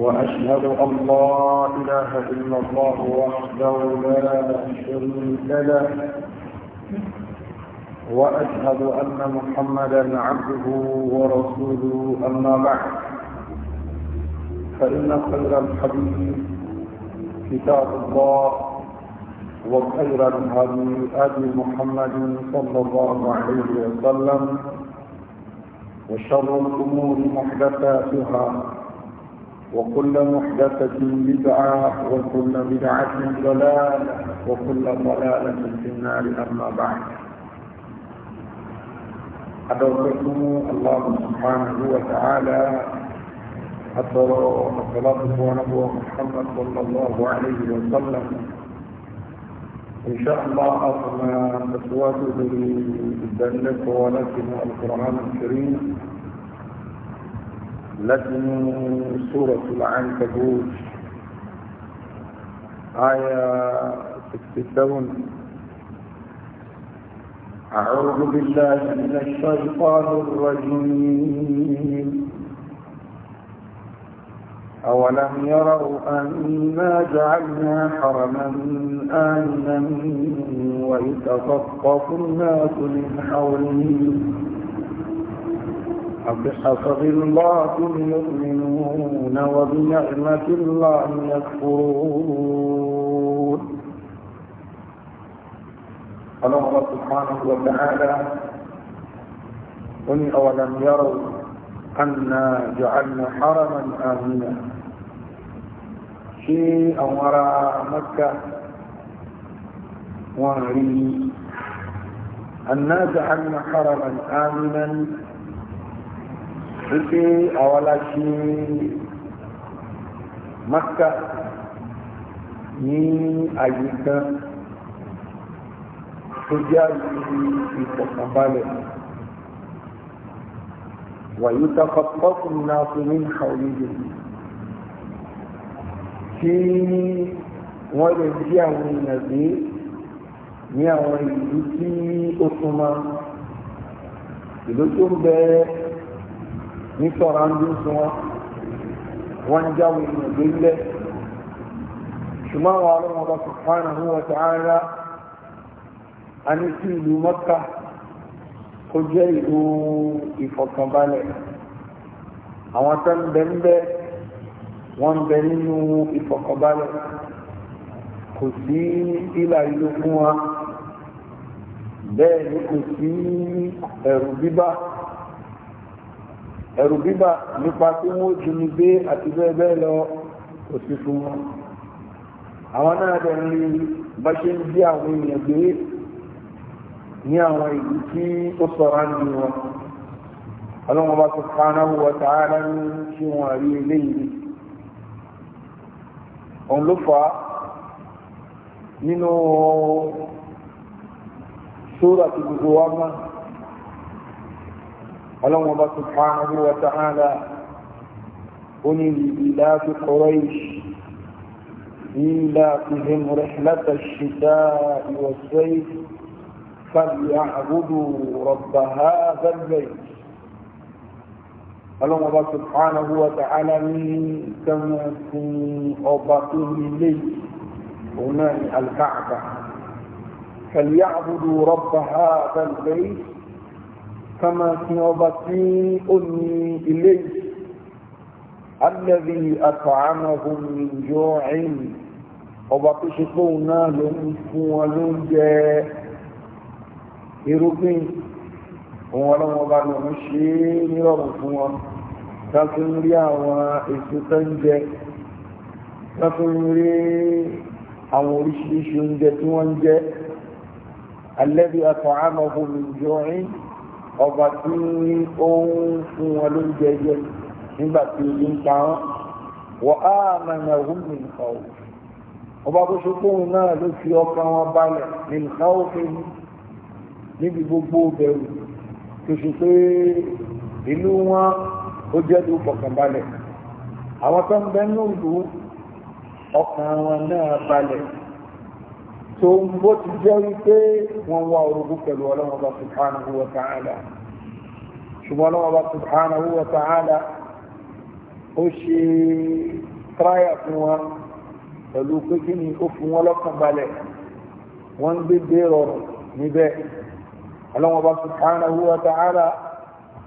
وأشهد أن لا إله إلا الله وحده لا شريك له وأشهد أن محمدا عبده ورسوله أما بعد فإن خير الحديث كتاب الله وخير الهدي أبي محمد صلى الله عليه وسلم وشر الأمور محدثاتها وكل محدثة بدعة وكل بدعة ضلالة وكل ضلالة في النار أما بعد أدعوكم الله سبحانه وتعالى أثر الصلاة ونبوة محمد صلى الله عليه وسلم إن شاء الله أصل أصوات بالدلة ولكن القرآن الكريم لكن سورة العنكبوت آية 67 أعوذ بالله من الشيطان الرجيم أولم يروا أنا جعلنا حرما آمنا ويتفطف الناس من حولهم أفحسب الله المؤمنون وبنعمة الله يكفرون قال الله سبحانه وتعالى قل أولم يروا أنا جعلنا حرما آمنا شيء أمر مكة وعلي أنا جعلنا حرما آمنا wípé àwọn aláṣẹ maka ní àyè kan tó jẹ́ ìfọ̀kànbalẹ̀ wàyí takọ̀tọ́kùn náà fún ní ìkàwé tí wọ́n lè jí àwọn èèyàn gbé ní àwọn ìlú tí ó súnmọ́ ìlú tó ń bẹ́ẹ̀ ní sọ̀rọ̀ ń dún sun wọn wọ́n ń jáwé èèyàn gbé ńlẹ̀ ṣùgbọ́n àwọn ọlọ́run ọba subhanahu wa ta'ala a ní sí ìlú mọ́kà kó jẹ́ ìlú ìfọ̀kànbalẹ̀ àwọn tó ń bẹ ń wọ́n ń bẹ nínú ìfọ̀kànbalẹ̀ kò sí ìlà ìlú fún wa bẹ́ẹ̀ ni kò sí ẹ̀rù bíbá ẹ̀rù bíbà nípa tí wọ́n ti ní gbé àti bẹ́ẹ̀ bẹ́ẹ̀ lọ òsì fún wọn àwọn náà bẹ̀rẹ̀ ní bá ṣe ń bí àwọn èèyàn gbé ní àwọn ìlú tí ó sọ̀rọ̀ ní wọn ọlọ́wọ́n bá tó fara wọ tààrà ní kí wọ́n rí eléyìí òun ló fà á nínú sóòrà tí gbogbo wa máa قالوا الله سبحانه وتعالى قل لبلاد قريش إيلاتهم رحلة الشتاء والصيف فليعبدوا رب هذا البيت قالوا الله سبحانه وتعالى من كما في أبطه البيت هنا الكعبة فليعبدوا رب هذا البيت ká máa fi ọba tí ó ní ilé yìí alẹ́bí àtàánàhùn ìjọ ẹ̀yìn ọba tó ṣe pé òun náà ló ń fún wọn ló ń jẹ irúgbìn òun ọlọ́wọ́n ọba ló ń ṣe nírọ̀rùn fún wọn ká rí àwọn èso tó ń jẹ ká rí àwọn oríṣiríṣi oúnjẹ tí wọ́n ń jẹ alẹ́bí àtàánàhùn ẹ̀yìn ọba tí ó ń fún wọn lóúnjẹ jẹ nígbà tí ó ń pa wọn wọ áàmà ní ọhún mi nǹkan o ọba tó ṣe kóhun náà ló fi ọkàn wọn balẹ̀ ní nǹkan níbi gbogbo bẹ̀rù tó ṣe pé ìlú wọn ó jẹ́ tó fọkànbalẹ̀ àwọn tó ń bẹ ní òdu ọkàn wọn náà balẹ̀. tó ń bó ti jẹ́ wípé wọ́n wá orogún pẹ̀lú subhanahu wa ta'ala ṣùgbọ́n ọlọ́wọ́ subhanahu wa ta'ala ó ṣe tráyà fún wọn pẹ̀lú pé kí ni ó fún wọn lọ́kàn balẹ̀ wọ́n gbé dé rọrùn níbẹ̀ ọlọ́wọ́ subhanahu wa ta'ala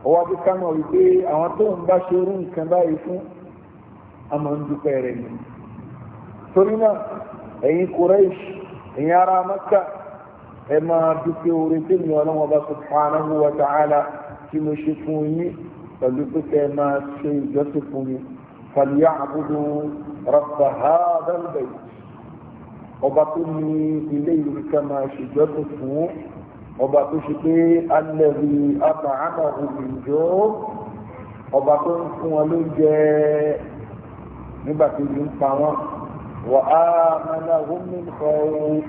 ọwọ́ bí kánà wípé àwọn tó ń bá ṣe irú nǹkan báyìí fún ń dúpẹ́ rẹ̀ ni torí ìyẹn ara mẹ́kà ẹ máa dúpẹ́ orí tí mi ọlọ́wọ́n bá subhanahu wa ta'ala tí mo ṣe fún yín pẹ̀lú pé kẹ́ ẹ máa ṣe ìjọsìn fún mi falyabudu rabba hadhal bayt ọba tó ní ilé yìí ká máa ṣèjọ́sìn fún ọba tó ṣe pé alẹ́bí àtàánà òbíjọ́ ọba tó ń fún wọn ló nígbà tó ń pa wọn. Wa á mẹ́lá gómìn kọ́ọ̀rọ̀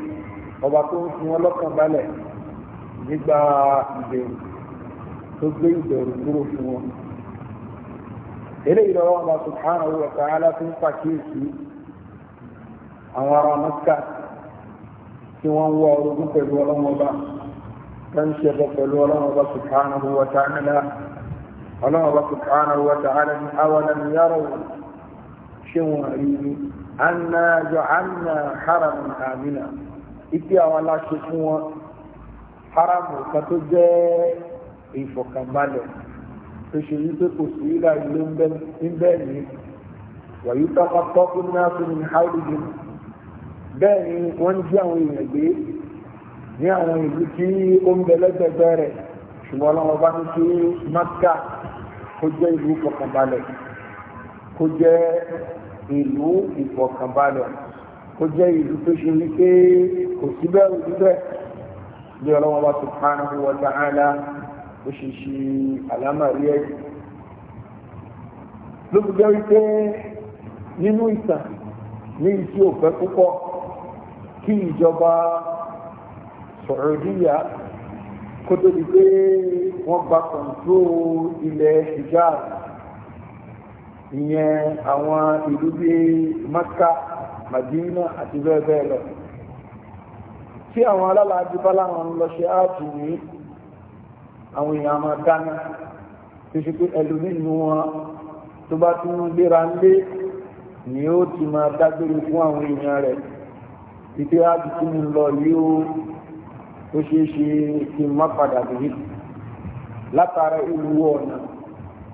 ọba tó ń fún ọlọ́kàn balẹ̀ nígbà ìbẹ̀rù tó gbé ìbẹ̀rù kúrò fún wọn. eléyìí lọ́wọ́ ọba subhanahu wa ta'ala tó ń pàkíyèsí àwọn ará mọ́ká tí wọ́n ń wọ orogún pẹ̀lú ọlọ́mọba tó ń ṣe bọ́ pẹ̀lú ọlọ́mọba subhanahu wa ta'ala ọlọ́mọba subhanahu wa anna johanna haram amina ipe àwọn aláṣẹ fún wọn haram kan tó jẹ́ ìfọ̀kànbalẹ̀ tó ṣe wípé kò sí ìlà ìlú ńbẹ́ ní wàyí tọ́ka tọ́kù náà fún mi hàlùjù bẹ́ẹ̀ ni wọ́n jí àwọn èèyàn gbé ní àwọn ìlú tí ó ń bẹ lẹ́gbẹ̀gbẹ́ rẹ̀ ṣùgbọ́n ọlọ́wọ́ bá ní kí Mákà kó jẹ́ ìlú fọ̀kànbalẹ̀ kó jẹ́ ìlú ìfọ̀kànbalẹ̀ ó jẹ́ ìlú tó ṣe wípé kò sí bẹ́ẹ̀ níbẹ̀ bí ọlọ́wọ́n bá ti pààrọ̀ bí wọ́n dáhàlá ó ṣe ṣe àlámàrí ẹ̀ ló fi jẹ́ wípé nínú ìtàn ní ìtí òfẹ́ púpọ̀ kí ìjọba Saudiya kó tó di pé wọ́n gba kọ̀ǹtró ilẹ̀ Hijaz ìyẹn àwọn ìlú bíi Maka Madina àti bẹ́ẹ̀ bẹ́ẹ̀ lọ tí àwọn alálàájú bá láwọn lọ ṣe áàtù ní àwọn èèyàn máa dáná tó ṣe pé ẹlòmí nínú wọn tó bá tún léra lé ni ó ti máa dágbére fún àwọn èèyàn rẹ̀ títí áàtù tí mo lọ yìí ó ó kí n má padà dé látara ìlú ọ̀nà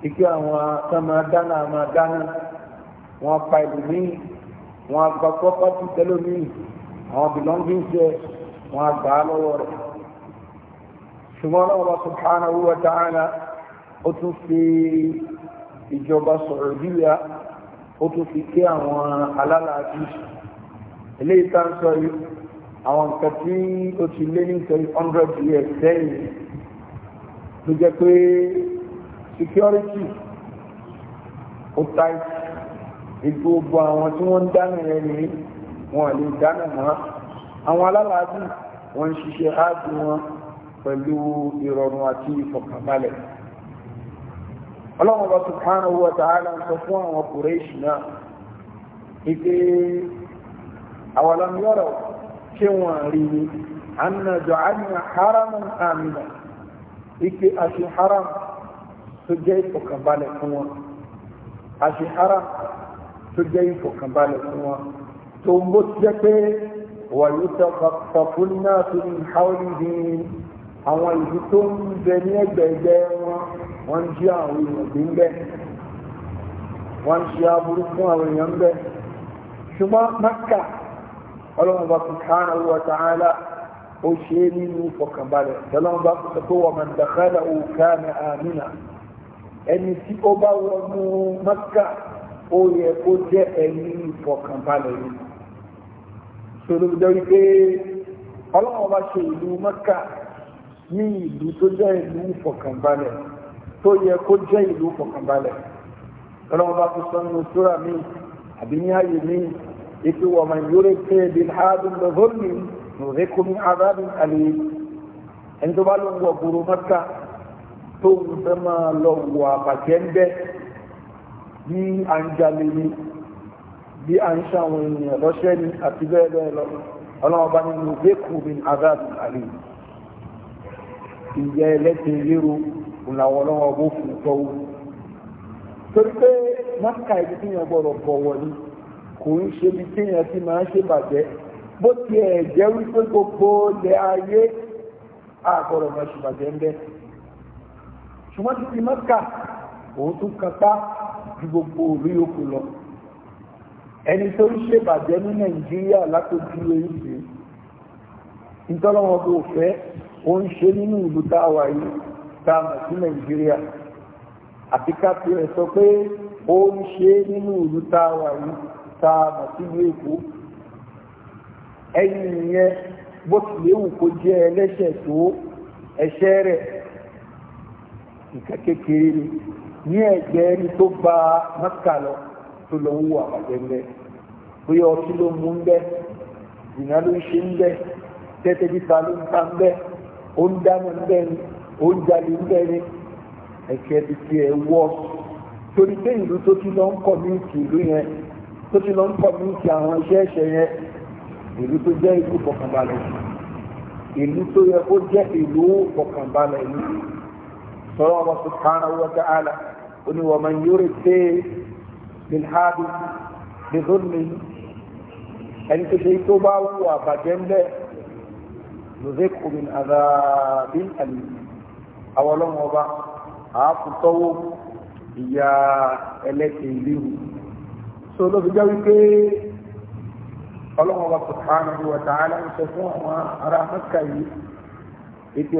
ike àwọn kan máa dáná máa dáná wọn pa ẹlòmíì wọn gba pọ́pátì tẹlómíì àwọn bìlọ́ngìn jẹ wọn gbà á lọ́wọ́ rẹ̀ ṣùgbọ́n Allah subhanahu wa ta'ala ó tún fi ìjọba Saudiya ó tún fi ké àwọn alálàájú eléyìí tá ń sọ yìí àwọn nǹkan tí ó ti lé ní three years sẹ́yìn jẹ́ pé security ó tight gbogbo àwọn tí wọ́n ń dáná yẹn ni wọ́n lè dáná mọ́ àwọn alálàájú wọ́n ń ṣiṣẹ́ áàdùn wọn pẹ̀lú ìrọ̀rùn àti ìfọ̀kànbalẹ̀ ọlọ́run ń sọ fún àwọn ike àwọn ọlọ́mìọ́rọ̀ ṣé wọ́n rí ni anna jọ àmì haram amina ike àti haram tó jẹ́ ìfọ̀kànbalẹ̀ fún wọn àṣì ara tó jẹ́ ìfọ̀kànbalẹ̀ fún wọn tó ń bó jẹ́ pé wà yóò tọ́kùn náà tó ń haúrí ní àwọn ìlú tó ń bẹ ní ẹgbẹ̀ẹ́gbẹ́ wọn wọ́n jí àwọn èèyàn bí ń bẹ́ wọ́n ṣe aburú fún àwọn èèyàn ń bẹ́ ṣùgbọ́n Mákà ọlọ́mọba subhanahu wa ta'ala ó ṣe é nínú ìfọ̀kànbalẹ̀ tọ́lọ́mọba sọ pé wọ́n mọ̀ ń dàkálà òkà ní àmìnà ẹni tí ó bá wọnú mọ́kà ó yẹ kó jẹ́ ẹni ìfọkànbalẹ̀ yìí ṣòro jẹ́ wípé ọlọ́run bá ṣe ìlú mọ́kà ní ìlú tó jẹ́ ìlú ìfọkànbalẹ̀ tó yẹ kó jẹ́ ìlú ìfọkànbalẹ̀ ọlọ́run bá fi sọ́nù sóra mi àbí ní ààyè mi ètò ọmọ ìyórè pé bilhadun lọ́hónì nùrẹ́kùnrin arábìn àlè ẹni tó bá ló ń wọ̀ gbòòrò mọ́kà tó ń fẹ́ máa lọ wọ àbàkẹ́ ń bẹ́ bí a ń jalè ni bí a ń ṣàwọn ènìyàn lọ́ṣẹ́ ni àti bẹ́ẹ̀ bẹ́ẹ̀ lọ ọlọ́wọ́ bá nínú lẹ́kùnrin azad ali ìyá ẹlẹ́sìn lérò ìlàwọ̀ ọlọ́wọ́ bó fún tọ́wọ́ torí pé máka ibi tí yẹn gbọ́dọ̀ bọ̀wọ̀ ni kò ń ṣe ibi tí yẹn ti máa ń ṣe bàjẹ́ bó tiẹ̀ jẹ́ wípé gbogbo ilẹ̀ ayé àgọ́dọ̀ máa ṣe bàjẹ́ ń bẹ́ẹ̀ ṣùgbọ́n ti ti mọ́kà òun tún kápá ju gbogbo òru yòókù lọ ẹni tó ń ṣèbàjẹ́ ní nàìjíríà látòjú èyí ìtọ́lọ́wọ́ bó fẹ́ ó ń ṣe nínú ìlú táwà yìí táàmù sí nàìjíríà àti kápẹ́ rẹ̀ sọ pé ó ń ṣe nínú ìlú táwà yìí táàmù sí ìlú èkó ẹ̀yìn ìyẹn bó tilẹ̀ wù kó jẹ́ ẹlẹ́ṣẹ̀ tó ẹ̀ṣẹ̀ rẹ̀ nǹkan kékeré ni ní ẹ̀gbẹ́ ẹni tó gba mẹ́kà lọ tó lọ wú àbàjẹ́ ń bẹ́ bóyá ọtí ló mú ń bẹ́ ìná ló ń ṣe ń bẹ́ tẹ́tẹ́ títa ló ń ta ń bẹ́ ó ń dáná ń bẹ́ ni ó ń jalè ń bẹ́ ni ẹ̀kẹ́ ti ti ẹ̀ wọ́ torí pé ìlú tó ti lọ ń kọ́ míìtì ìlú yẹn tó ti lọ ń kọ́ míìtì àwọn iṣẹ́ ẹ̀ṣẹ̀ yẹn ìlú tó jẹ́ ìlú fọkànbalẹ̀ ìlú tó yẹ kó jẹ́ ìlú fọkànbalẹ̀ ìlú tọ́lọ́ ọmọ subhanahu wa ta'ala ó ní wọ́n máa ń yóò ṣe bilhadi bihunni ẹni tó ṣe tó bá wù àbàjẹ́ ń bẹ́ lùzẹ́kù min azabin alim àwọn ọlọ́run ọba àákùtọ́wọ́ ìyá ẹlẹ́sẹ̀ so ló fi jẹ́ wípé subhanahu wa ta'ala ń sọ fún àwọn ará mẹ́kà yìí ètò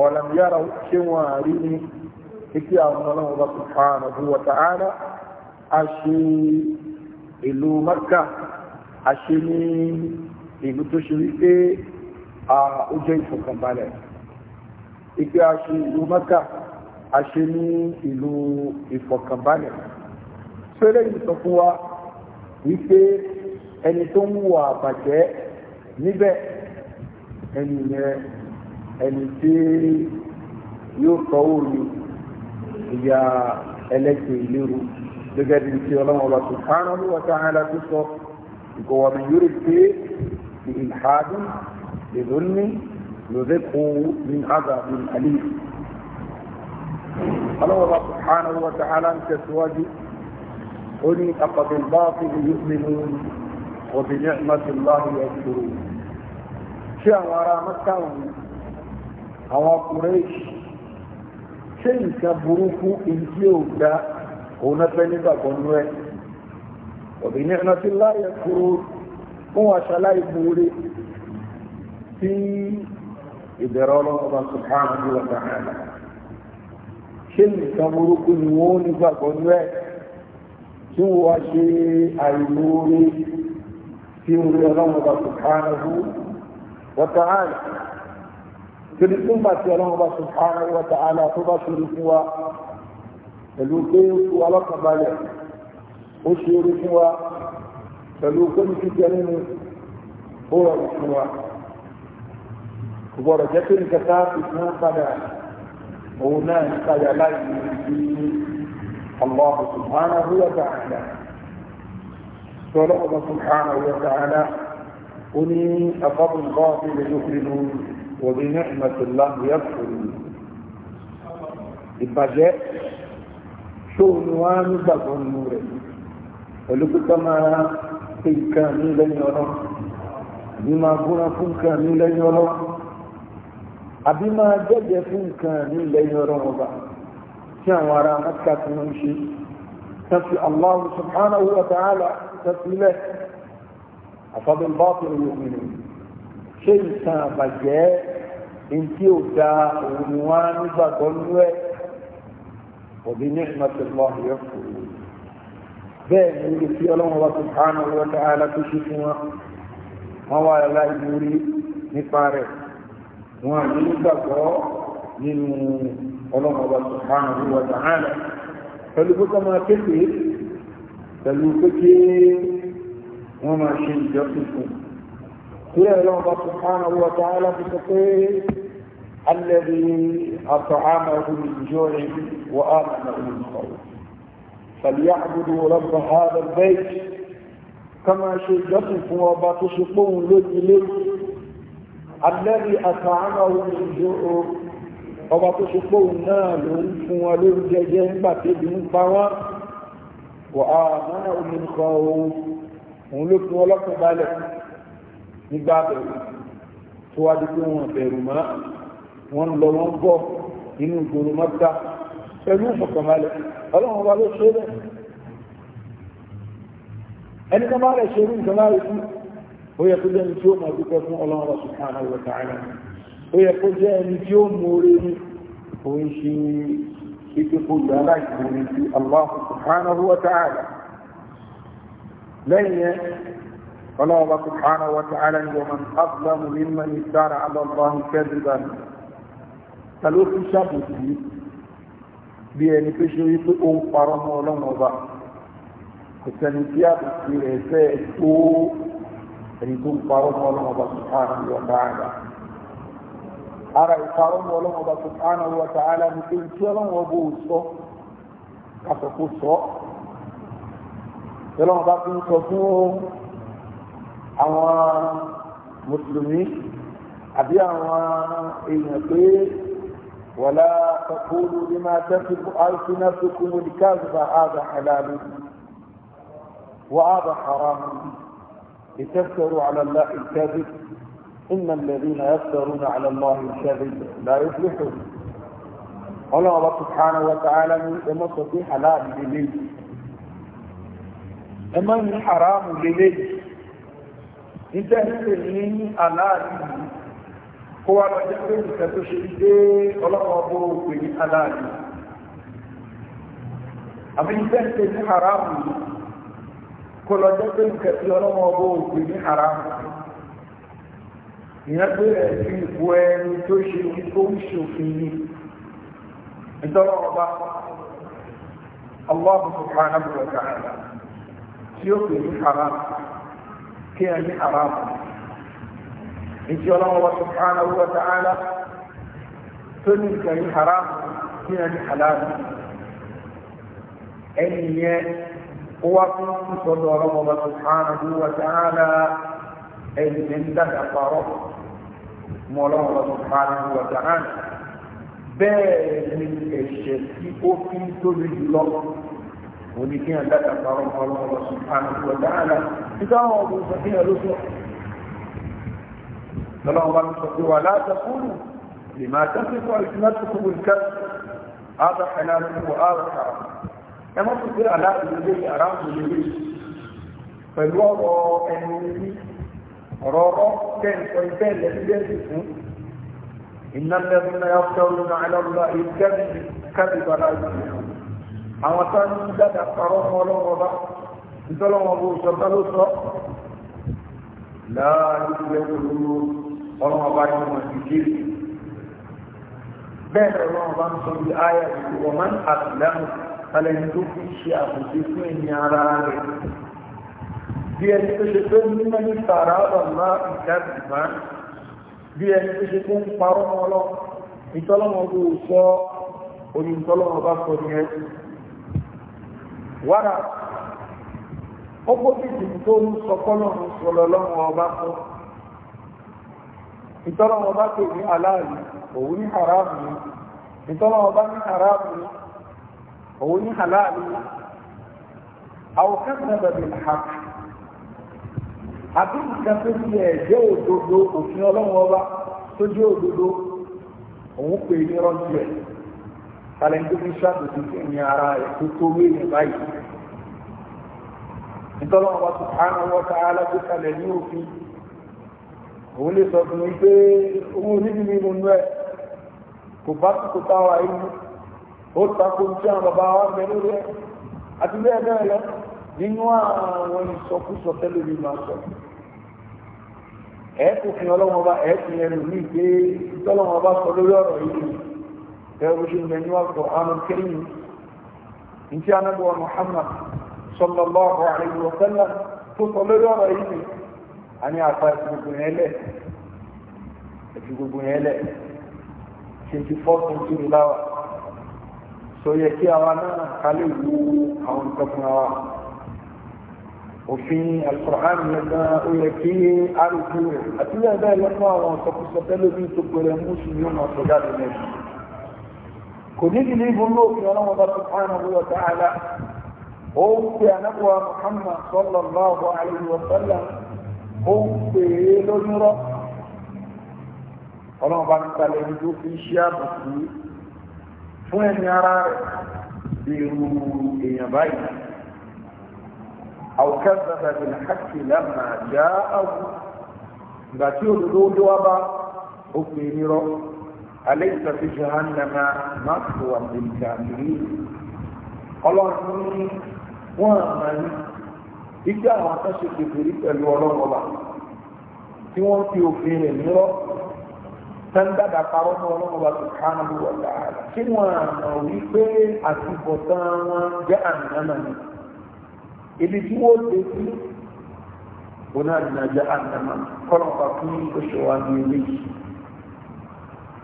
ọ̀làm yára ṣé wọn àrí ni ikú àwọn ọlọ́run bá subhanahu wa ta'ala a ṣe ìlú Makka a ṣe ní ìlú tó ṣe wípé ó jẹ́ ìfọ̀kànbalẹ̀ ikú a ṣe ìlú Makka a ṣe ní ìlú ìfọ̀kànbalẹ̀ fẹ́rẹ́ ìsọ fún wa wípé ẹni tó ń wà bàjẹ́ níbẹ̀ ẹni yẹn ẹni tí yóò tọ́wọ́ ní ìyá ẹlẹ́sẹ̀ ìlérò gẹ́gẹ́ bí ti ọlọ́run ọba subhanahu wa ta'ala tó sọ ìkọ̀wà mi yóò pé ní ìlhádùn èdò ní lòdẹ́kùn ní azabin alif ọlọ́run ọba subhanahu wa ta'ala ń tẹ̀síwájú ó ní àpàdùnbáàfin yu'minun wa bi ni'mati Allahi yẹn kúrò ṣé àwọn ará mọ́tàwọn àwọn kùrẹ́ẹ̀ṣì ṣé nǹkan burúkú ìdí ò dá òun náà fẹ́ nígbàgbọ́ nú ẹ òbí ní ẹ̀nà tí láyẹ̀ kúrò fún aṣáláì múre tí ìbẹ̀rẹ̀ ọlọ́mọba subhanahu wa ta'ala ṣé nǹkan burúkú ni wọ́n nígbàgbọ́ nú ẹ tí wọ́n ṣe àìmúre tí wọ́n rí ọlọ́mọba subhanahu wa torí fún bàtí ọlọ́run bá subhanahu wa ta'ala tó bá ṣòro fún wa pẹ̀lú pé ó fi wa lọ́kàn balẹ̀ ó ṣe orí fún wa pẹ̀lú pé ní jíjẹ nínú ó rọrùn fún wa gbọ́dọ̀ jẹ́ pé nìkan tá fi fún padà òun náà ń padà láì ní ibi Allah subhanahu wa ta'ala sọlọ́ọ̀bà subhanahu wa ta'ala ó ní afọ́bùn kọ́ọ̀tì lè lókè lórí wọ̀bí ní ìmọ̀tòlá ìyá kòrò ìbàjẹ́ ṣóòrùn wá nígbàgbọ́ nínú rẹ̀ pẹ̀lú pípa máa pe nǹkan ní lẹ́yìn ọlọ́ àbí máa búra fún nǹkan ní lẹ́yìn ọlọ́ àbí máa jẹ́jẹ́ fún nǹkan ní lẹ́yìn ọlọ́ ọba tí àwọn ará mẹ́ta tí wọ́n ń ṣe تفي الله سبحانه وتعالى تفيله أفضل باطل المؤمنين شيء سابجاء ntí ò da òun ni wọn nígbàgbọ́ nú ẹ òbí ní ìmọ̀tẹ́lọ́ yẹ kù bẹ́ẹ̀ ni ibi tí ọlọ́run wa subhanahu wa ta'ala tó ṣe fún wọn wọn wà láìlórí nípa rẹ̀ wọn àti nígbàgbọ́ nínú ọlọ́run wa subhanahu wa ta'ala pẹ̀lú kókó máa kéde pẹ̀lú kéde wọ́n máa ṣe ìjọ́sìn fún un. Kúrẹ́ ọlọ́run wa subhanahu wa ta'ala fi sọ pé الذي أطعمه من جوع وآمنه من خوف فليعبدوا رب هذا البيت كما شجت وبات شقون لجلي الذي أطعمه من جوع وبات شقون نال ولرججه باتبن فوا وآمنه من خوف ولكن ولكن بالك نقابل سوادكم وبيرمان wọ́n lọ wọ́n bọ́ inú ìgboro mọ́ta pẹ̀lú ìfọ̀kànbalẹ̀ ọlọ́run ọba ló ṣe bẹ́ẹ̀ ẹni tó máa rẹ̀ ṣe irú nǹkan láàrín fún ó yẹ kó jẹ́ ẹni tí ó máa dúpẹ́ fún ọlọ́run ọba subhanahu wa ta'ala ó yẹ kó jẹ́ ẹni tí ó mú orí ní òun ta ló fi ṣàbòsí bí ẹni pé ṣe rí pé ó ń parọ́ mọ́ ọlọ́run ọba kò sẹ́ni tí àbòsí rẹ̀ fẹ́ tó ẹni tó ń parọ́ mọ́ ọlọ́run ọba subhanahu wa ta'ala ara ìparọ́ mọ́ ọlọ́run ọba subhanahu wa ta'ala ni pé tí ọlọ́run ọba ò sọ kàtọ̀ kó sọ ọlọ́run ọba fi ń sọ fún àwọn mùsùlùmí àbí àwọn èèyàn pé ولا تقولوا لما تصف ألسنتكم الكذب هذا حلال وهذا حرام لتفتروا على الله الكذب إن الذين يفترون على الله الكذب لا يفلحون الله سبحانه وتعالى يمص في حلال لليل أما حرام لليه انتهت من حلال kó wá lọ́jọ́ pé nìkan tó ṣe dé ọlọ́wọ́ bó pè ní aláàbí àbí iṣẹ́ ń ṣe ní haramu kó lọ́jọ́ pé nìkan tí ọlọ́wọ́ bó pè ní haramu ìyẹn pé ẹ̀sìn ìbò ẹni tó ṣe ní tó ń ṣòfin ní ìtọ́lọ́wọ́ bá Allah subhanahu wa ta'ala tí ó pè ní haram kí ẹ haramu ìtì ọlọ́wọ́ subhanahu wa ta'ala tó ní nǹkan yìí haram ní ẹni halal ẹni yẹn ó wá fún ìsọdọ̀ ọlọ́wọ́ subhanahu wa ta'ala ẹni yẹn dàgbà parọ́ mọ́ ọlọ́wọ́ subhanahu wa ta'ala bẹ́ẹ̀ ni ẹ̀ṣẹ̀ tí ó fi ń tóbi jùlọ oníkíyàn dàgbà parọ́ mọ́ ọlọ́wọ́ subhanahu wa ta'ala nígbà wọn kò sọ lọ́lọ́wọ́ bá ń sọ pé wà látàkùnù lè máa tẹ́sí fún àìsínátùkù nǹkan ábà ẹ̀látùkù ábà kàrà ẹ mọ́ sí pé aláàbìlélé aráàbìlélé pẹ̀lú ọ̀rọ̀ ẹnu ní ọ̀rọ̀ ọ̀rọ̀ kẹ́ǹkọ́ ìfẹ́ lẹ́sídẹ́sì fún iná lẹ́nu náà yọ̀ọ́kẹ́rù náà lọ́lọ́ ìkẹ́bí kábìbà láti àwọn tó ń dáadáa parọ́ mọ́ ọlọ́wọ́ bá nítorí wọn bó sọ tá ló sọ láàrín ìgbẹ́wò lóru ọlọ́run ọba ní wọn ti dé bẹ́ẹ̀ ni ọlọ́run ọba ń sọ bí ayé àti ọmọ àtìlẹ́nu alẹ́ni tó fi ṣe àbùsí fún ẹ̀yìn ara rẹ̀ bí ẹni tó ṣe pé mímọ́ ní tààrà ọ̀la ìdájìmá bí ẹni tó ṣe pé ń parọ́ mọ́ lọ ìtọ́lọ́mọ bó sọ orí ìtọ́lọ́mọ bá sọ ní ẹ wàrà ọgbọ́n ti dìbò tó ń sọ kọ́lọ́run sọ̀rọ̀ lọ́wọ́ ọba fún ìtọ́lọ́wọ́ bá pè ní aláàlú òun ní haramu ìtọ́lọ́wọ́ bá ní haramu òun ní tó ẹ̀ jẹ́ òfin ọlọ́wọ́ bá tó jẹ́ òun pè ní rọ́jú ẹ̀ ìtọ́lọ́wọ́ bá òun lè sọ o mi pé owó níbi mi nínú ẹ kò wa bẹ lórí ẹ àti bẹ́ẹ̀ bẹ́ẹ̀ lọ nínú àwọn ìsọkúsọ tẹ́lẹ̀ mi máa sọ ẹ̀ẹ́kù fi ọlọ́wọ́n bá ẹ̀ẹ́kù yẹn lò ní pé tọ́lọ́wọ́n bá sọ lórí ọ̀rọ̀ yìí ẹ̀rù ṣe mẹ́nu àgbọ̀ àmì kẹ́yìn ní tí a ní apá ẹ̀sìn gbogbo yẹn lẹ̀ ẹ̀sìn gbogbo yẹn lẹ̀ twenty four century láwà so yẹ kí àwa náà ká lè wú àwọn nǹkan fún wa òfin alukur'an yẹn gan ó yẹ kí arúgbó rẹ̀ àti yẹn bẹ́ẹ̀ lọ́nà àwọn ọ̀sọ̀kùsọ tẹ́lẹ̀mí tó pẹ̀lẹ́ mú sí yóò máa sọ jáde lẹ́yìn kò ní ìdílé ìbúlò òfin ọlọ́wọ́ bá subhanahu wa ta'ala ó ń pe anábọ̀ Muhammad sallallahu alayhi wa sallam ó ń pè é lóyún rọ́ ọlọ́run bá ń kalẹ̀ ní tó fi iṣẹ́ àbùkù fún ẹni ara rẹ̀ èrò èèyàn báyìí àwòkẹ́sà tàbí hàkì lánàá já àwù ìgbà tí olùdó wá bá ó pè é nírọ́ alaysa fi jahannama máa tó àbẹ̀lẹ̀ kàmìlì ọlọ́run ní wọ́n àmàlí ìgbé àwọn akẹ́ṣe kékeré pẹ̀lú ọlọ́mọba tí wọ́n fi òfin rẹ̀ nírọ́ tẹ́ńdàdà parọ́ mọ́ ọlọ́mọba tó kánà ló wà dáadáa kí wọ́n àná wípé àtibọ̀tán wọn jẹ́ àmì náà ni ibi tí wọ́n lè fi ona na jahannama kọlọ kakun oṣù wa ní ilé yìí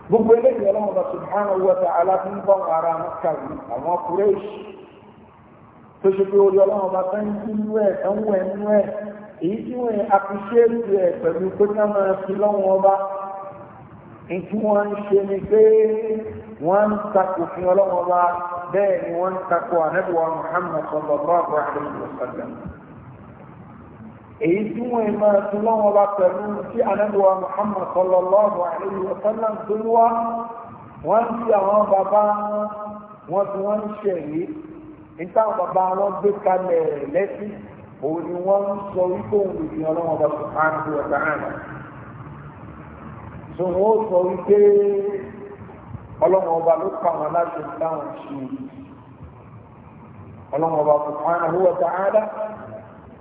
gbogbo eléyìí ọlọ́mọba subhanahu wa ta'ala fún bọ́n ara mọ́kàwé àwọn kúrẹ́ẹ̀sì tó ṣe pé orí ọlọ́run bá tán kú nú ẹ̀ tán wọ̀ ẹ̀ nú ẹ̀ èyí tí wọ́n yẹn àfiṣẹ́ẹ̀tì ẹ̀ pẹ̀lú pé ká máa fi lọ́wọ́ ọba ìtú wọn ń ṣe ni pé wọ́n ń takò fún ọlọ́run ọba bẹ́ẹ̀ ni wọ́n ń takò ànábìwá Muhammad sallallahu alaihi wasallam èyí tí wọ́n máa tún lọ́wọ́ bá pẹ̀lú tí anábíwá Muhammad sallallahu alayhi wa sallam nítawọn bàbá wọn gbé kalẹ̀ lẹ́sìn òun ni wọ́n ń sọ wípé òun lè fi ọlọ́wọ́n bá sùn á ń tó ọ̀tá àná tó wọ́n sọ wípé ọlọ́wọ́n ọba ló pa wọn láti dáhùn sí i ọlọ́wọ́n ọba sùn á ń tó ọ̀tá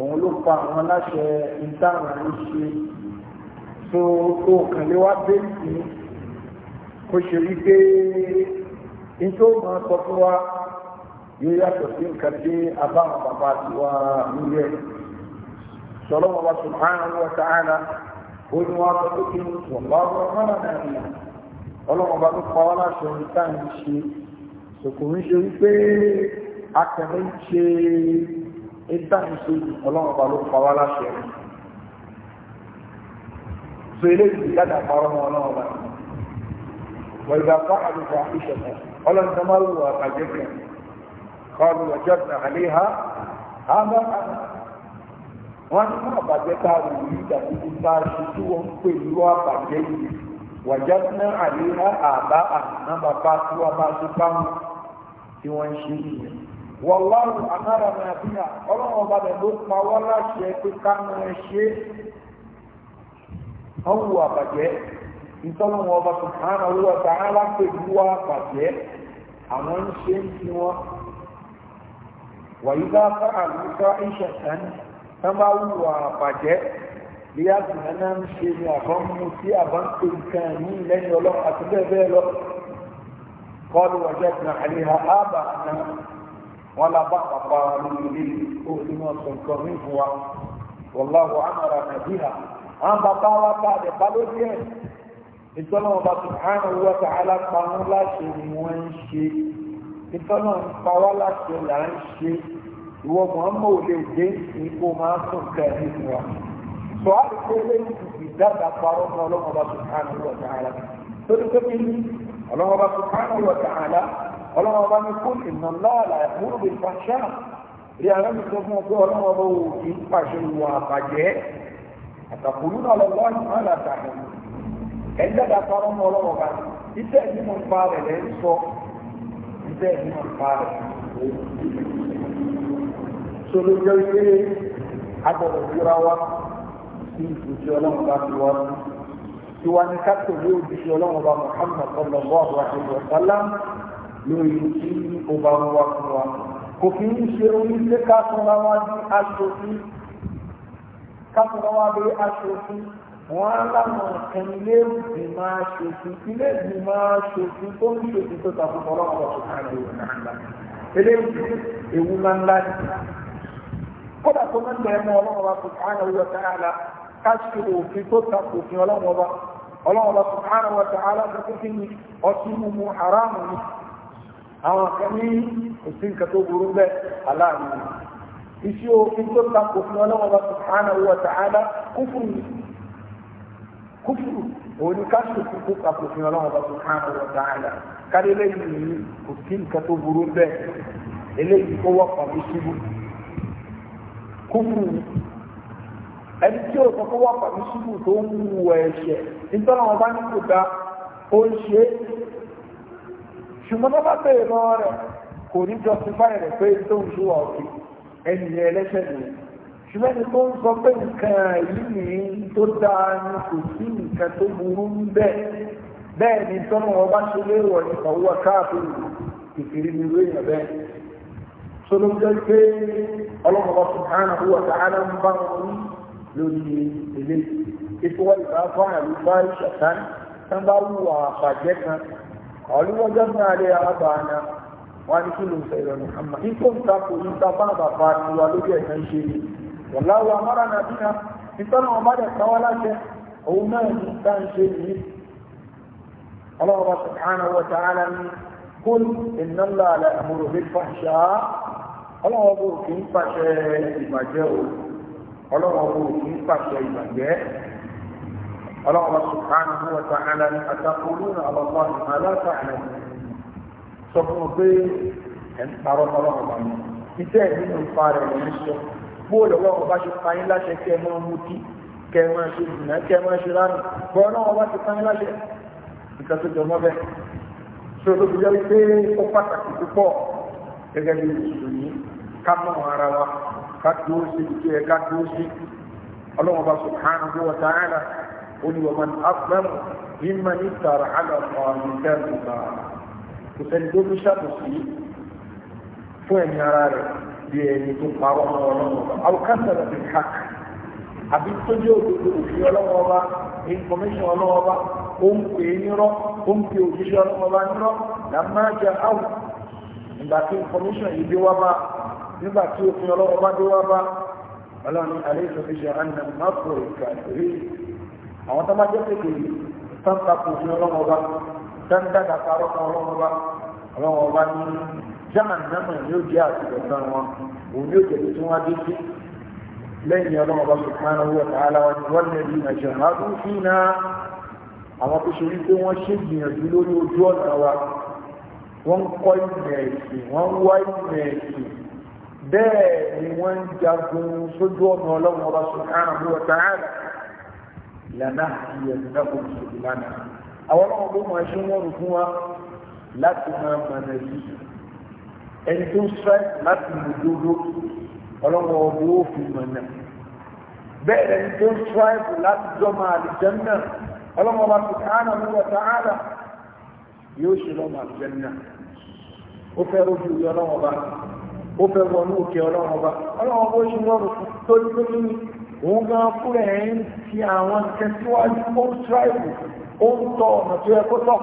òun ló pa àwọn aláṣẹ ìdáhùn ló ṣe so òkàn lè wá dé sí i kó ṣe wípé nítorí wọn sọ fún wa yóò yàtọ̀ sí nǹkan tí a bá wọn bàbá ti wá nílé sọlọ́ wọn bá subhanahu wa ta'ala ó ní wọn bá tó kí wọn bá wọn rárá náà nìyà ọlọ́wọ́n bá tó pa wọn láṣọ ní táyì ṣe sòkòrò ṣe wípé akẹ́rẹ́ ń ṣe ìdáhùn ṣe ọlọ́wọ́n bá ló pa wọn láṣọ rẹ̀ so eléyìí ìdájà parọ́ wọn ọlọ́wọ́n bá wọ́n ìgbà fún àdúgbò àfihàn ọlọ́run tó máa ń wù àkàjẹ́ قالوا وجدنا عليها هذا wọn ní fún àbàjẹ tá a wù yí dàbí ipa ṣíṣú wọn pè ní wọn àbàjẹ yìí wàjá fún àríyá àbá àná bàbá tí wọn bá ṣe báwọn tí wọn ń ṣe nìyẹn. wọláwù anára ní àbíyá ọlọ́run ọba rẹ̀ ló pa wọ́n láṣẹ pé ká mọ ẹ ṣe wọ́n wù àbàjẹ ìtọ́lọ́wọ́n ọba sùn hánà owó ọ̀tá alápèjú wọn àbàjẹ àwọn ń ṣe ń fi wọn wàyíká fáàlú sọ iṣẹ́ kan tán bá wùwà àpàjẹ́ bí a sì náà ń ṣe ní àbọ̀n mú sí àbọ̀n tó nǹkan ní lẹ́yìn ọlọ́run àti bẹ́ẹ̀ bẹ́ẹ̀ lọ kọ́lù wọ̀jẹ́ kan àríhà ábà náà wọ́n la bá pàpà lórí ilé ó ní wọ́n sọ nǹkan mí wa wọ́láwù amara nàìjíríà àwọn bàbá wa bá rẹ̀ bá lórí ẹ̀ ìtọ́nà ọba subhanahu wa ta'ala pa wọn láṣẹ ni wọ́n ń ṣe ìtọ́nà ń pa wá láti là ń ṣe ìwọ mọ̀ọ́mọ́ ò lè dé ipò máa ń tún kẹ́ ẹ̀ nínú wa. sọ á lè kéré ìdáàbà parọ́ mọ́ ọlọ́mọ bá subhanahu wa ta'ala lórí tó kí ní ọlọ́mọ bá subhanahu wa ta'ala ọlọ́mọ bá ní kó ìnà láàlà ìmúrò bí pàṣẹ rí ara mi sọ fún ọ pé ọlọ́mọ bá wò kí bẹ́ẹ̀ ní ọ̀pá rẹ̀. Sọlọ jẹ́ wípé agbọ̀dọ̀ fúra wa sí ìfòsí ọlọ́run bá ti wá sí. Tiwa ni ká tẹ̀lé òjijì ọlọ́run bá Muhammad sallallahu alaihi wa sallam lórí tí ó bá ń wá fún wa. Kò kí ń ṣe oníṣẹ́ ká fúnra wa ní aṣòfin. Ká fúnra wa lórí aṣòfin wọ́n láwọn kan ilé ìgbìmọ̀ aṣòfin ilé ìgbìmọ̀ aṣòfin tó ń ṣòfin tó takò fọlọ́ ọ̀rọ̀ ṣùgbọ́n àti ìwọ̀n náà ilé ewu ńláńlá ni kódà tó ń bẹ̀rẹ̀ mọ́ ọlọ́run ọba subhanahu wa ta'ala ká ṣe òfin tó takò òfin ọlọ́run ọba ọlọ́run ọba subhanahu wa ta'ala tó kún kí ni ọtí mímu haramu ni àwọn kan ní kan tó burú bẹ́ẹ̀ aláàmì iṣẹ́ òfin tó takò òfin ọlọ́run ọba subhanahu wa ta'ala kúfùrù kúfùrù òun ni ká ṣe kúkú àpòfin ọlọ́run ọba subhanahu wa ta'ala kárí eléyìí kò sí nǹkan tó burú bẹ́ẹ̀ eléyìí ó wọ́pọ̀ ní ṣubú kúfùrù ẹni tí ó sọ pé wọ́pọ̀ ní ṣubú tó ń wù ẹ̀ṣẹ̀ nítorí wọn bá ní kò dá ó ń ṣe é ṣùgbọ́n tó bá bèèrè rẹ̀ kò ní justify rẹ̀ pé tó ń ṣe òkè ẹni ẹlẹ́ṣẹ̀ nìyẹn ṣùgbọ́n ní tó ń sọ pé nǹkan yìí ní tó dáa ni kò sí nǹkan tó burú ń bẹ̀ bẹ́ẹ̀ ni tọ́nà ọba ṣe léwọ̀ ní pàwọ́ káàkiri ìfìrí ni ìwé yẹn bẹ́ẹ̀ sọlọ́ jẹ́ pé ọlọ́mọba subhanahu wa ta'ala ń bá wọn ní lórí ilé ìfowó ìbáfọ́ àlùfá ìṣàtán tán bá wù wà kan ọlọ́wọ́jọ́ náà lè àbáná wọn ní kí ló ń sọ ìrọ̀lù àmọ́ ìfowó ìta bá bàbá tiwa lórí ẹ̀kan ṣe ni wàláwọ̀ amára nàbí náà nítorí wọn bá dẹ̀ káwá láṣẹ òun náà ní ká ń ṣe yìí ọlọ́wọ́ subhanahu wa ta'ala ní kúl iná ńlá alẹ́ àmúrò bí fàṣà ọlọ́wọ́ bò kì í pàṣẹ ìbàjẹ́ o ọlọ́wọ́ bò kì í pàṣẹ ìbàjẹ́ ọlọ́wọ́ subhanahu wa ta'ala ní àtàkùnrin àbàbà àlàtà àlẹ́ sọ fún un pé ẹ̀ ń parọ́ ọlọ́wọ́ bá mi iṣẹ́ ìdí ń parẹ́ ẹ̀ ń sọ bó lọ́wọ́ ọba ṣe pa yín láṣẹ kẹ́ ẹ máa mutí kẹ́ ẹ máa ṣe jìnnà kẹ́ ẹ máa ṣe lánàá bọ́ náà ọba ti pa yín láṣẹ nǹkan tó jọ mọ́ bẹ́ẹ̀ ṣé olóbi jẹ́ wípé ó pàtàkì púpọ̀ gẹ́gẹ́ bí mùsùlùmí ká mọ̀ ara wa ká dúró sí ìjọ ẹ̀ ká dúró sí ọlọ́wọ́n ọba subhanahu wa ta'ala ó ní wọ́n máa mímọ ní tààrà bí ẹni tó parọ́ mọ́ ọlọ́run ọba àwòkásàlà ti kàk àbí tó jẹ́ òdodo òfin ọlọ́run ọba information ọlọ́run ọba ó ń pè é nírọ́ ó ń pè òjíṣẹ́ ọlọ́run ọba nírọ́ làmájà áwù nígbà tí information yìí dé wá bá nígbà tí òfin ọlọ́run ọba dé wá bá ọlọ́run alẹ́ ìsọfíṣẹ́ àná mọ́tò ìkàrí àwọn tó bá jẹ́ pèpè yìí tó ń takò òfin ọlọ́run ọba tó ń dàgbà zaman nama ni ó jẹ́ àtìgbọ̀tán wọn òun ni ó jẹ́ tí wọ́n dé sí lẹ́yìn ọlọ́run ọba subhanahu wa ta'ala wọn ni wọ́n lè rí ìrìnàjò àádùn sí náà àwọn tó ṣe rí pé wọ́n ṣe gbìyànjú lórí ojú ọ̀nà wa wọ́n kọ́ ìmọ̀ ẹ̀sìn wọ́n wá ìmọ̀ ẹ̀sìn bẹ́ẹ̀ ni wọ́n ń jagun sójú ọ̀nà ọlọ́run ọba subhanahu wa ta'ala lana ìyẹ̀dùnákùn sùgbìlánà àwọn ọlọ́run ló máa ṣe wọ́n rù fún wa láti máa mọ̀nà ẹni tó ń fẹ́ láti lò dúró ọlọ́wọ́ ọdún ó fi mọ̀ náà bẹ́ẹ̀ ẹni tó ń fẹ́ láti jọmọ àlùjẹ́ náà ọlọ́wọ́ bá ti káànà mú wọ̀ta áàlà yóò ṣe lọ́mọ àlùjẹ́ náà ó fẹ́ rójú ìyá ọlọ́wọ́ bá ó fẹ́ wọnú òkè ọlọ́wọ́ bá ọlọ́wọ́ bó ṣe lọ́rùn tó ní tó ní òun gan fúnra ẹ̀ ń ti àwọn kẹsíwájú ó ń tíráìbù ó ń tọ ọ̀nà tó yẹ kó tọ̀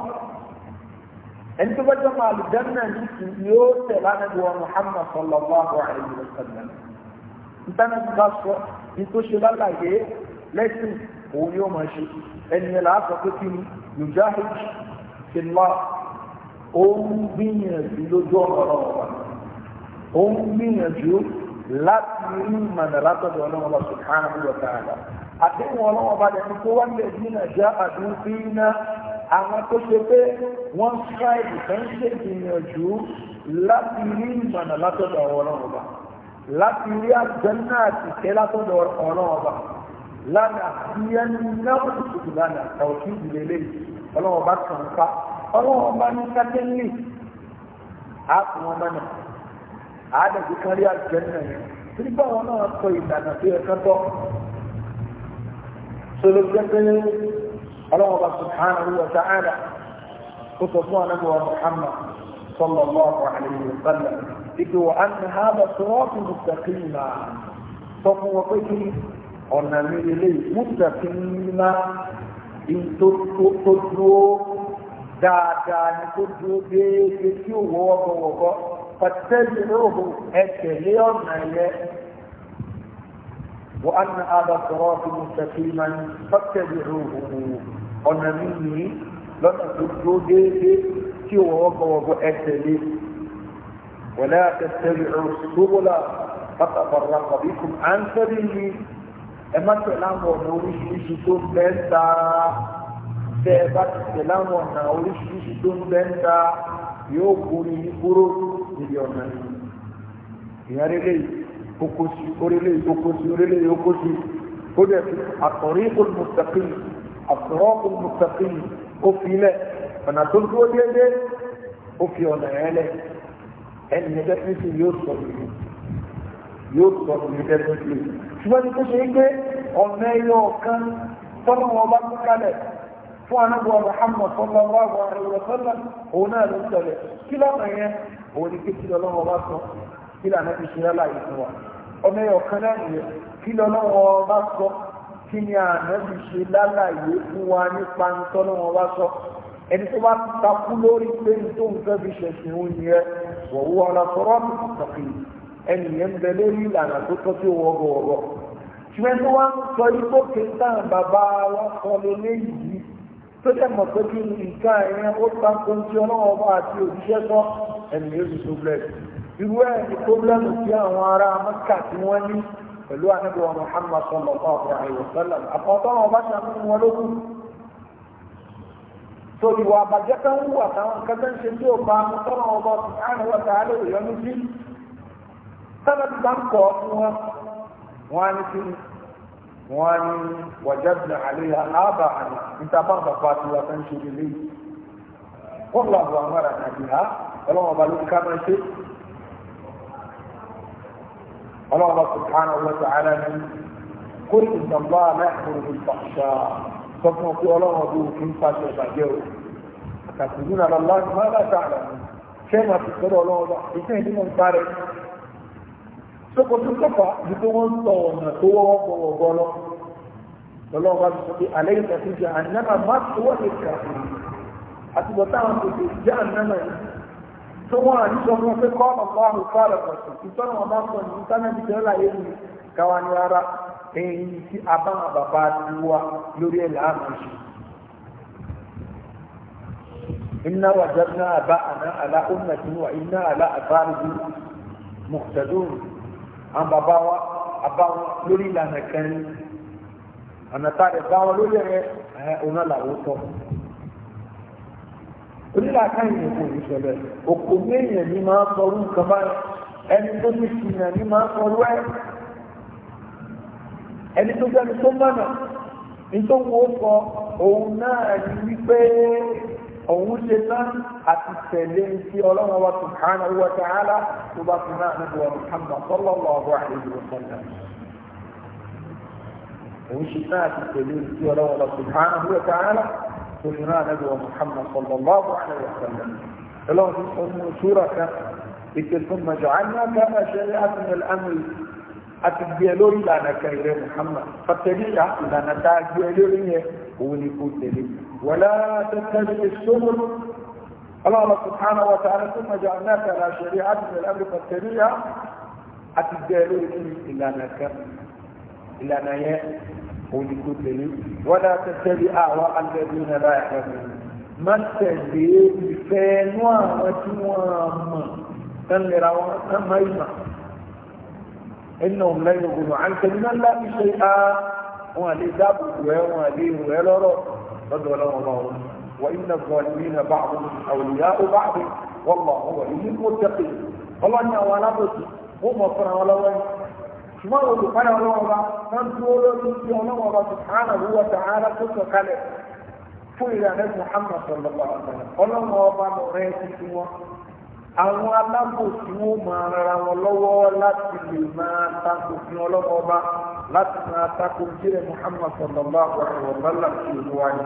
ẹni tó bá jẹ́ máa lù dáná nìkì yóò tẹ̀ lánàbí wa Muhammad sallallahu alayhi wa sallam nítorí tí bá sọ ní tó ṣe lálàyé lẹ́sìn òun yóò máa ṣe ẹni yẹn làá sọ pé kí ni yujahid fillah òun gbìyànjú lójú ọ̀rọ̀ ọ̀rọ̀ òun gbìyànjú láti rí ìmọ̀nà látọ̀dọ̀ ọlọ́run ọba subhanahu wa ta'ala àdéhùn ọlọ́run ọba dẹni tó wá lè dín náà já àdúgbò náà àwọn tó ṣe pé wọ́n ń ṣáìdì kan ṣe ìgbìyànjú láti rí ìmọ̀nà látọ̀dọ̀ ọ̀rọ̀ ọba láti rí àjẹ́nà àti ìṣẹ́ látọ̀dọ̀ ọ̀rọ̀ ọba lánàá bí ẹni náà tuntun lánàá tàwọn ìdílé lẹ́yìn ọlọ́wọ́ bá kàn ń fa ọlọ́wọ́ bá ní sátẹ́ńlì á fún wọn mọ́nà àádọ́jú kan rí àjẹ́nà yẹn nígbà wọn náà sọ ìlànà tó yẹ kán tọ́ sọlọ́gbẹ́gbẹ́ الله سبحانه وتعالى خصوصاً أبو محمد صلى الله عليه وسلم لكو أن هذا صراط مستقيم صفوته ونمير لي مستقيم إن تتلو دادا نتلو بيك كيو وغوغ فتجروه أكليون وأن هذا صراط مستقيما فاتبعوه ọ̀nà mi yìí lọ́nà tó dúró déédéé tí wọ́n wọ́gbọ̀wọ́gbọ̀ ẹsẹ̀ lé wọlé àtẹ̀sẹ̀rì ọ̀ṣọ́gbọ́lá pátápàrọ̀ àkọ́bí kù à ń tẹ́lẹ̀ yìí ẹ má tẹ̀lé àwọn ọ̀nà oríṣiríṣi tó ń bẹ́ ń ta bẹ́ ẹ bá ti tẹ̀lé àwọn ọ̀nà oríṣiríṣi tó ń bẹ́ ń ta yóò borí kúrò níbi ọ̀nà yìí ìyá rẹ̀ okosi orílẹ̀ okosi orílẹ̀ àtúrọ́pù mùsàkì ó fi lẹ̀ ọ̀nà tó dúró déédéé ó fi ọ̀nà yẹn lẹ̀ ẹni ní dẹ́fínísì yóò sọ ìlú yóò sọ ìlú dẹ́fínísì ṣùgbọ́n ní kó ṣe é gbé ọ̀nà ẹyọ kan tọ́lọ́ wọn bá kú kalẹ̀ fún anábọ̀ Muhammad sallallahu alaihi wa sallam òun náà ló ń tẹ̀lé kí lọ́nà yẹn òun ni kékeré ọlọ́wọ́ bá sọ kí lànà fi ṣe láàyè fún wa ọ̀nà ẹyọ kan náà nìyẹn kí lọ́nà wọn bá sọ kí ni ànábì ṣe lálàyé fún wa nípa nítorí wọn wá sọ ẹni tó bá takú lórí pé ní tó ń fẹ́ fi ṣẹ̀sìn òun yẹ wọ̀wọ́ ara sọ̀rọ̀ mi pàtàkì ẹni bẹ lórí ìlànà tó tọ́ sí wọ́n bọ̀ ọ̀rọ̀ ṣùgbọ́n tí wọ́n sọ ikú kìntàn bàbá wa sọ lélẹ́yìí tó dẹ̀ mọ̀ pé kí nǹkan ẹ̀yẹn ó tako tí ọlọ́wọ́ bá àti òṣìṣẹ́ sọ ẹni yóò fi tó blẹ̀ irú ẹ̀ pẹ̀lú anábìwọ̀n Muhammad sallallahu alaihi wasallam àkọ́tọ́ wọn bá ṣàfihàn wọn lókun tó ìwà àbàjẹ́ kan wù àtàwọn kẹta ń ṣe tí ó bá mú tọ́nà ọba subhanahu wa ta'ala ìyọnu sí sábà ti bá ń kọ́ الله سبحانه وتعالى قل إن الله لا يأمر بالفحشاء فكما في الله وضوء كم فاشا بجو تقولون على الله ما لا تعلم كما في قدر الله وضوء إذن هدين انتارك سوف تكفى بدون طونا طوى وغلو الله قال أليس في جهنم مثوى للكافرين أتبطان في جهنم tó wọ́n àti sọ fún pé kọ́ ọ̀pọ̀ àwọn fàlẹ̀ pọ̀sù ìtọ́nà wọn bá sọ ní sánẹ́bí tó láyé ní káwa ní ara èyí tí a bá wọn bàbá ti wá lórí ẹ̀ láàmú ṣe. iná wà jẹ́nà àbá àná àlá ọ̀nàtí wà iná àlá àbáríbi mùsùlùmí àwọn bàbá wa àbá wọn lórí ìlànà kan ní ọ̀nà bá wọn lórí ẹ̀ ọ̀nà làwọn tọ́. onílàáká ìyẹn kò ní ṣẹlẹ̀ òkò méèyàn ní máa ń sọrú nǹkan báyìí ẹni tó ní ṣìnà ní máa ń sọrú ẹ ẹni tó jẹ́ni tó mọ̀nà nítorí wo sọ òun náà subhanahu ta'ala tó bá fi náà sallallahu alaihi wa subhanahu òṣìṣẹ́ àdẹ́gbẹ̀wọ̀ Muhammad sallallahu alaihi wa sallam ọlọ́run tó mú súra kan ìpè fún mẹ́jọ àyíká máa ṣe rí àtúnyẹ̀ àmì àti gbé lórí ìlànà kan ìrẹ́ Muhammad fàtẹ́lí ìlànà tá a gbé lórí yẹn òun ni kò tẹ̀lé wọlá tẹ́tẹ́lẹ́ sóhùn ọlọ́run subhanahu wa ta'ala tó mẹ́jọ àyíká máa ṣe rí àtúnyẹ̀ àmì fàtẹ́lí àti gbé lórí ìlànà kan ìlànà yẹn olùkótele wọ́dà tẹ́tẹ́lì àwọn alẹ́bí nàrà ẹ̀rọ má tẹ̀lé ìfẹ́ inú àwọn tí wọ́n mọ̀ tẹ́lẹ̀ra wọn ká má yìí mà ẹnà òun lẹ́yìn ògùn náà àǹtẹ̀lẹ́ náà láti ṣe á wọn àlè dáàbò rẹ wọn àlè rùn ẹ lọ́rọ̀ lọ́dọ̀ ọlọ́wọ́n bá wọn wọ́n iná gan ní iná bá àwọn àwòrán ó bá àwọn wọ́n mọ̀ wọ́n mọ̀ fúnra wọn lọ́wọ́ ṣùgbọ́n olùkọ́ni ọlọ́wọ́ba wọ́n dúró lórí tí ọlọ́wọ́ba subhanahu wa ta'ala tó sọ kalẹ̀ fún ìrànlẹ́ Muhammad sallallahu alaihi wa sallam ọlọ́wọ́ba lọ rẹ́ títí wọn. àwọn alábòsí wọn máa rara wọn lọ́wọ́ láti lè máa takò fún ọlọ́wọ́ba láti máa takò jíire Muhammad sallallahu alaihi wa sallam tí ó wáyé.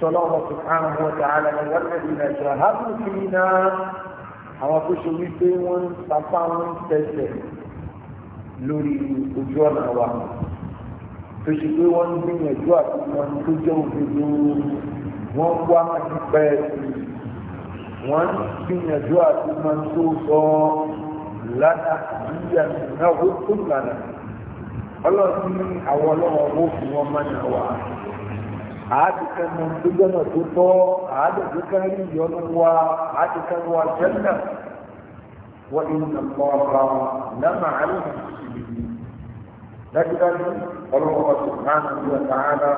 sọlọ́wọ́ subhanahu wa ta'ala ni wọ́n lè dìnnà jahadu àwọn tó ṣe wípé wọ́n ń sapá wọn ń tẹ̀sẹ̀ lórí ojú ọ̀nà wa tó pé wọ́n ń gbìyànjú àti wọn tó jẹ́ òdodo wọ́n wá láti pẹ́ wọ́n ń gbìyànjú àti wọn tó sọ lánàá yíyá náà ó tó àwọn wọn mánà wá àádìkan mọ̀ tó tó tọ́ àádìkan rí ìyọnu wa àádìkan وإن الله لمع المحسنين لكن الله سبحانه وتعالى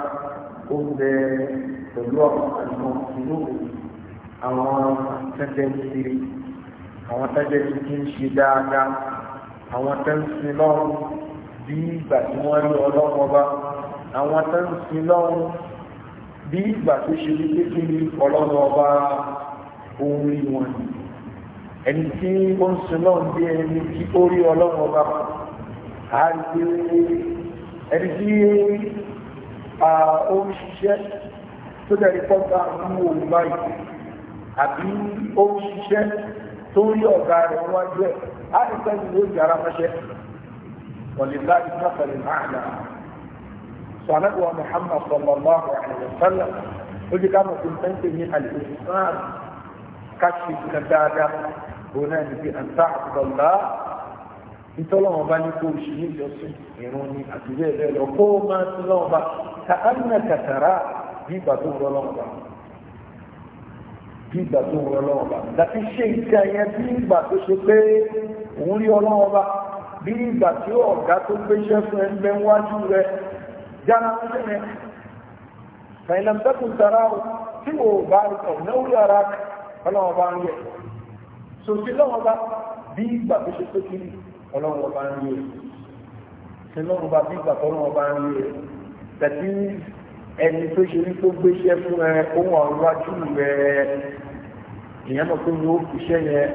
قل بالوقت المحسنون àwọn tẹ́tẹ́ kiri àwọn tẹ́tẹ́ kí ń ṣe dáadáa àwọn tẹ́ ń sin lọ́run bí ìgbà tí wọ́n rí ọlọ́run ọba àwọn tẹ́ ń sin lọ́run bí ìgbà tó ṣe wípé kí ni ọlọ́run ọba ohun rí wọn ni ẹni tí ó ń sin náà bí ẹni tí ó rí ọlọ́run ọba á rí pé ẹni tí ó ń ṣiṣẹ́ tó dẹ̀ rí pọ́ta mú òun báyìí àbí ó ń ṣiṣẹ́ tó rí ọ̀gá rẹ̀ wájú ẹ̀ á rí pẹ́ni ló yára mọ́ṣẹ́ wọ̀lẹ̀lá ìfọ́sọ̀lẹ̀ máa nà sọ̀nàbíwá Muhammad sallallahu alaihi ó jẹ́ ká mọ̀ pé pẹ́ńpẹ́ ní àlè ká ṣe nǹkan dáadáa òun náà ní pé àǹtá àbọ̀lá ìtọ́lọ́wọ́n bá ní kó oṣù níjọsìn ìrún ni àti bẹ́ẹ̀ bẹ́ẹ̀ lọ kó o máa ti lọ́wọ́ bá ka anna kàtàrà bí ìgbà tó wọ́ lọ́wọ́ bá bí ìgbà tó wọ́ lọ́wọ́ bá láti ṣe ìgbà yẹn bí ìgbà tó ṣe pé òun rí ọlọ́wọ́ bá bí tí ọ̀gá tó gbéṣẹ́ fún ẹ ń bẹ wájú rẹ jára ń tẹ̀lé fàìlàmùtẹ́kùn tàrà tí wò bá rí ọ̀ náwó yàrá ọlọ́wọ́ bá ń yẹ sòsì lọ́wọ́ bá bí ìgbà tó ṣe pé kí ọlọ́wọ́ bá ń rí ẹ̀ sí lọ́wọ́ bá bí ìgbà tó ọlọ́wọ́ bá ń rí ẹ̀ tàbí ẹni tó ṣe ní tó gbéṣẹ́ fún ẹ ohun àwájú rẹ ìyẹn mọ̀ pé ní ó fiṣẹ́ yẹn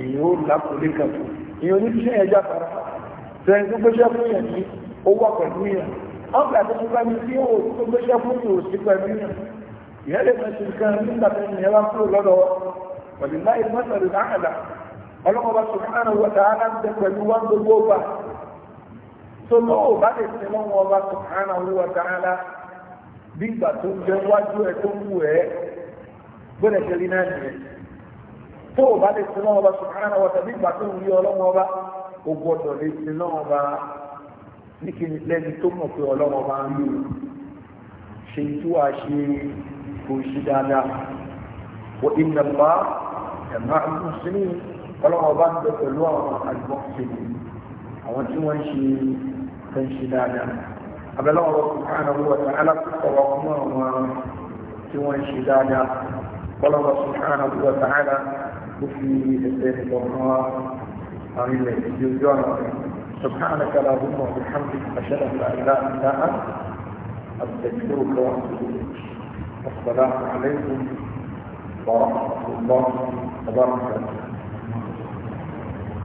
èyí ó lákòólé kan fún ìyẹn oníṣẹ́ yẹn jáfara tẹ̀yìn tó gbéṣẹ́ fún yẹn ní ó wà pẹ̀lú yẹn wọ́n gbà wàlúùlá ìmọ̀sán ìlú àhàlà ọlọ́mọba sùnmọ́nà wọ̀tá aláǹdẹ pẹ̀lú wọn gbogbo ọba tó lọ́wọ́ bá lè sin lọ́wọ́ ọba sùnmọ́nà wọ̀tá alá bí ìgbà tó jẹ́ wájú ẹ̀ tó wù ẹ́ gbọ́dẹ̀ ṣe rí náà nìyẹn tó o bá lè sin lọ́wọ́ ọba sùnmọ́nà wọ̀tá bí tó ń rí ọlọ́wọ́ lè sin lọ́wọ́ ọba ní tó mọ̀ pé ọlọ́wọ́ ọba ń lò ṣe ìtúwà ṣe kò ṣe dáadáa wọ́n ìnàmbá جماعة المسلمين ولو بعد الوراء المحسنين أو تمشي تنشدادا أبل الله سبحانه وتعالى قصر الله تنشدادا ولو سبحانه وتعالى بفي السيد الله أمين لك سبحانك لا بم وبحمدك أشهد أن لا إله إلا أنت أستغفرك وأتوب إليك السلام عليكم bọ́ bọ́ ọgbọ́n kan.